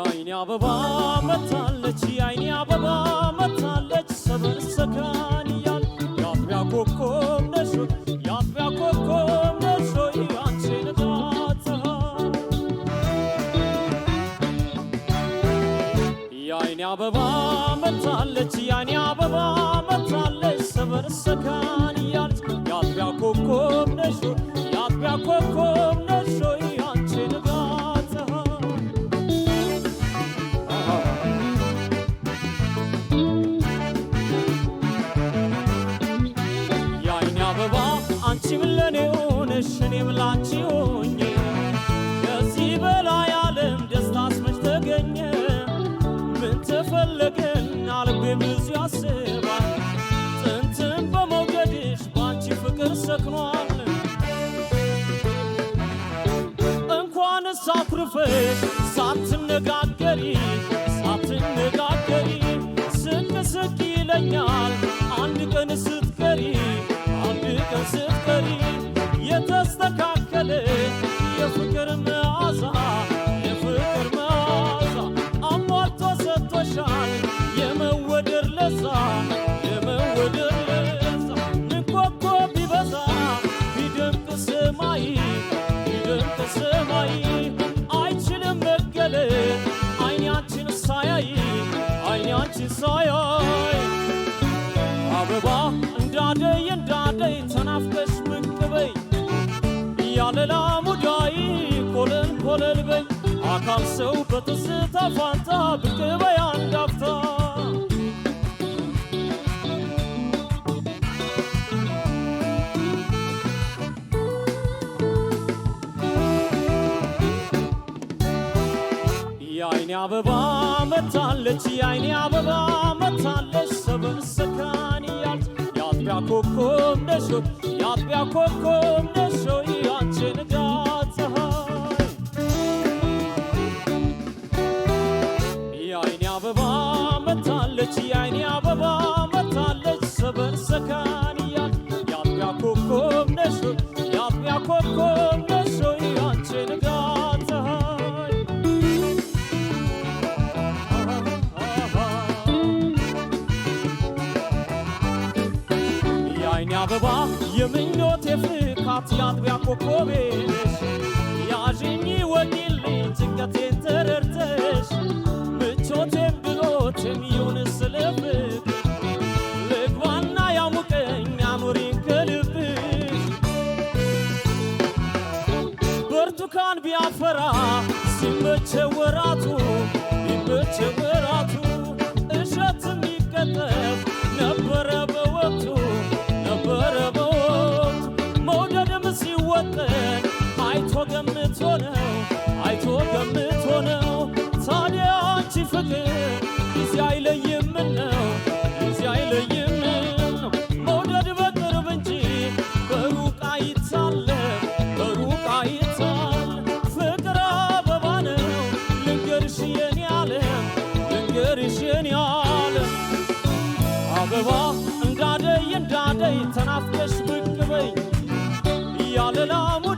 የአይኔ አበባ መታለች የአይኔ አበባ መታለች ሰበር ሰካን እያል የአጥቢያ ኮከብ ነሽ የአጥቢያ ኮከብ ነሽ አንቺ ነጣጥሃ የአይኔ አበባ መታለች የአይኔ አበባ መታለች ሰበር ሰካን እያል የአጥቢያ ኮከብ ነሽ ለእኔ ብላችሁኝ ከዚህ በላይ ዓለም ደስታስ መች ተገኘ? ምን ተፈለገና ልቤ ብዙ ያስባል። ጥንትም በመውደድሽ ባንቺ ፍቅር ሰክኗል። እንኳንስ አኩርፈሽ ያንቺ ሳያይ አበባ እንዳደይ እንዳደይ ተናፍቀሽ ብቅ በይ ያለላ ሙዳይ ኮለል ኮለል በይ አካል ሰው በትዝታ ፋንታ ብቅ በይ አንዳፍታ የአይኔ አበባ መታለች የአይኔ አበባ መታለች ሰብን ሰካን እያልች የአጥቢያ ኮከብ ነሽ የአጥቢያ ኮከብ ነሽ ያንቺ ንጋት ፀሐይ የአይኔ አበባ መታለች የአይኔ አበባ መታለች ሰብን ሰካን የኔ አበባ የምኞቴ ፍካት የአጥቢያ ኮከቤ ያዥኝ ወጊልኝ ጭንቀቴን ተረድተሽ ምቾቴን ብሎቴም ይሁን ስለፍቅ ልግባና ያሙቀኝ አኑሪኝ ከልብሽ ብርቱካን ቢያፈራ ሲመቸ ወራቱ ፍቅር ጊዜ አይለይም ነው ጊዜ አይለይም ነው መውደድ በቅርብ እንጂ በሩቅ አይታለ በሩቅ አይታለ ፍቅር አበባ ነው ልንገርሽ የኔ ዓለም ልንገርሽ የኔ ዓለም አበባ እንዳደይ እንዳደይ ተናፍቀሽ ብቅ በይ እያለ ላሙ